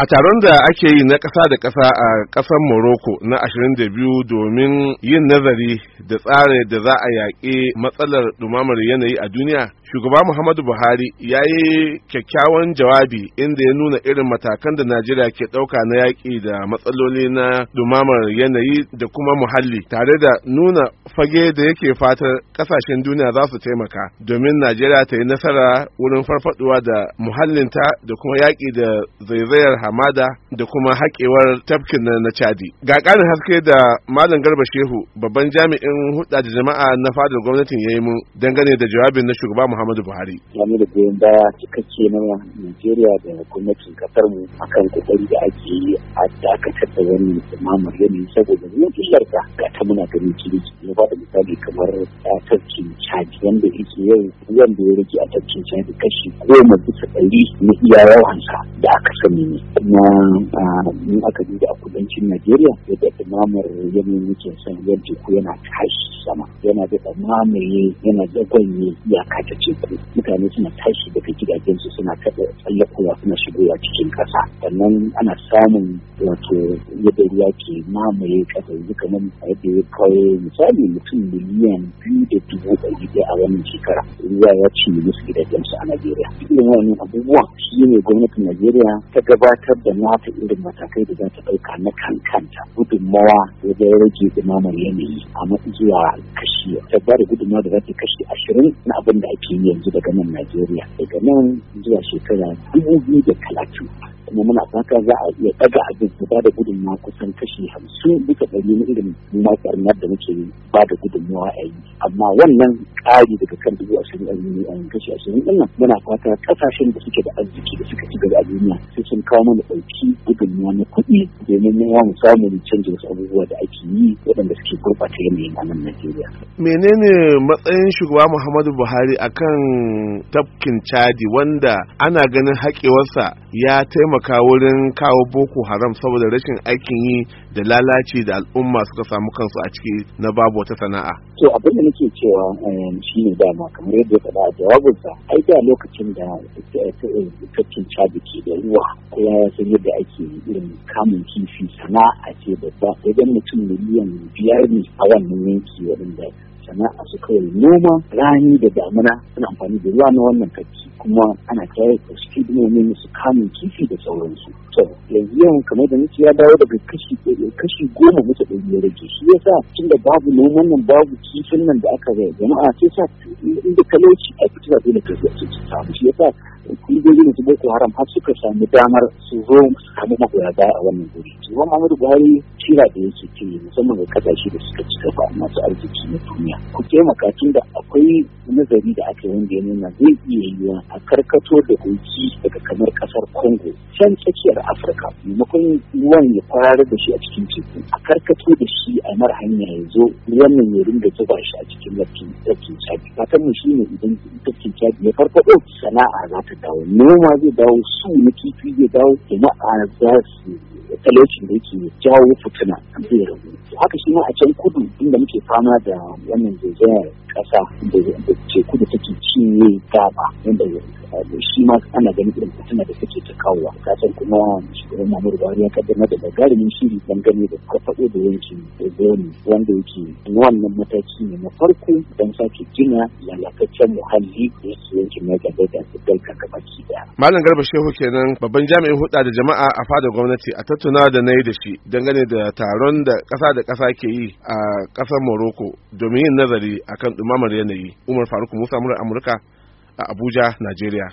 a taron da ake yi na ƙasa da ƙasa a ƙasar morocco na 22 domin yin nazari da tsare da za a yaƙi matsalar ɗumamar yanayi a duniya shugaba muhammadu buhari ya yi kyakkyawan jawabi inda ya nuna irin matakan da najeriya ke ɗauka na yaƙi da matsaloli na ɗumamar yanayi da kuma muhalli tare da nuna fage da yake fatar ƙasashen duniya za su taimaka domin najeriya ta yi nasara wurin farfaɗuwa da muhallinta da kuma yaƙi da zaizayar hamada da kuma haƙewar tafkin na chadi ga ƙarin haske da malam garba shehu babban jami'in hudda da jama'a na fadar gwamnatin ya yi dangane da jawabin na shugaba muhammadu buhari game da goyon baya cikakke na najeriya da gwamnatin kasar mu akan kokari da ake yi a dakatar da wani mamar yanayi saboda mu tusharta ga ta muna ganin kiriki ne ba da misali kamar tafkin chadi wanda yake yau wanda ya rage a tafkin chadi kashi goma bisa ɗari na iya yawansa da aka sani ne na in aka duba a kudancin Najeriya yadda ɗumamar yanayin yake son yan teku yana tashi sama yana da mamaye yana dagwanye iyaka ta teku mutane suna tashi daga gidajensu suna taɓa tsallakowa suna shigowa cikin ƙasa sannan ana samun wato yadda ruwa ke mamaye ƙasa yanzu kamar yadda ya kawo misali mutum miliyan biyu da dubu ɗari ɗaya a wannan shekara ruwa ya cinye musu su a Najeriya. Irin abubuwa shi ne gwamnatin Najeriya ta gabata Tabbatar da nata irin matakai da za ta ɗauka na kankanta gudunmawa wajen rage dumamar yanayi a zuwa kashi ta bada gudunmawa da za ta kashi ashirin na abin da ake yi yanzu daga nan Najeriya daga nan zuwa shekara dubu biyu da talatin kuma muna fata za a iya ɗaga abin su ba da gudunmawa kusan kashi hamsin duka ɗari na irin matsarnar da muke ba da gudunmawa a yi amma wannan ƙari daga kan dubu ashirin a kashi ashirin ɗin nan muna fata ƙasashen da suke da arziki da suka ci gaba a duniya su kawo mana ɗauki gudunmuwa na kuɗi domin mu mu samun canjin wasu abubuwa da ake yi waɗanda suke gurɓata yanayin a nan Najeriya. Menene matsayin shugaba Muhammadu Buhari akan tafkin Chadi wanda ana ganin haƙewarsa ya taimaka wurin kawo boko haram saboda rashin aikin yi da lalaci da al'umma suka samu kansu a ciki na babu wata sana'a. to abin da nake cewa um, shi ne dama kamar yadda ya faɗa jawabinsa ai da lokacin da tattun cabi ke da ruwa kowa ya san yadda ake irin kamun kifi sana'a ce babba idan mutum miliyan biyar ne a wannan yanki waɗanda sana'a su kawai noma rani da damuna suna amfani da ruwa na wannan tafki kuma ana tayar da su hidimomin su kamun kifi da sauransu to yanzu yawan kamar da nake ya dawo daga kashi kashi goma mutu ɗari ya rage shi yasa da babu noman nan babu kifin nan da aka zai jama'a sai sa inda kalauci a fitina dole ka samu shi yasa kungiyoyi da su boko haram har suka sami damar su zo su samu magoya baya a wannan guri shugaban muhammadu buhari kira da yake ce musamman ga kasashe da suka ci gaba masu arziki na duniya ku taimaka tun da akwai nazari da aka yi wanda ya nuna zai iya yiwuwa a karkato da doki daga kamar kasar congo can tsakiyar afirka maimakon ruwan ya farar da shi a cikin teku a karkato da shi a mara hanya ya zo ruwan ya ringa zuba shi a cikin lafiya tsakin sabi mu shine idan take kyadi ya farfaɗo oh, sana'a za ta dawo noma zai dawo su na kifi zai dawo jama'a za su talaucin da yake jawo fituna zai rabu haka shi ma a can kudu inda muke fama da wannan zaizayar Kasa da teku da take cinye gaba wanda shi ma ana ganin irin fitina da take ta kawowa kasan kuma shugaban mamur Buhari ya kaddamar da bagarimin shiri gane da faɗo da da zoni wanda yake wannan mataki ne na farko don sake gina lalataccen muhalli da yake yankin gaba da su dalka gabaki daya. Malam Garba Shehu kenan babban jami'in huɗa da jama'a a fadar gwamnati a tattuna da na yi da shi dangane da taron da ƙasa da ƙasa ke yi a ƙasar Morocco domin yin nazari akan dumamar yanayi umar faruk musa murar amurka a abuja najeriya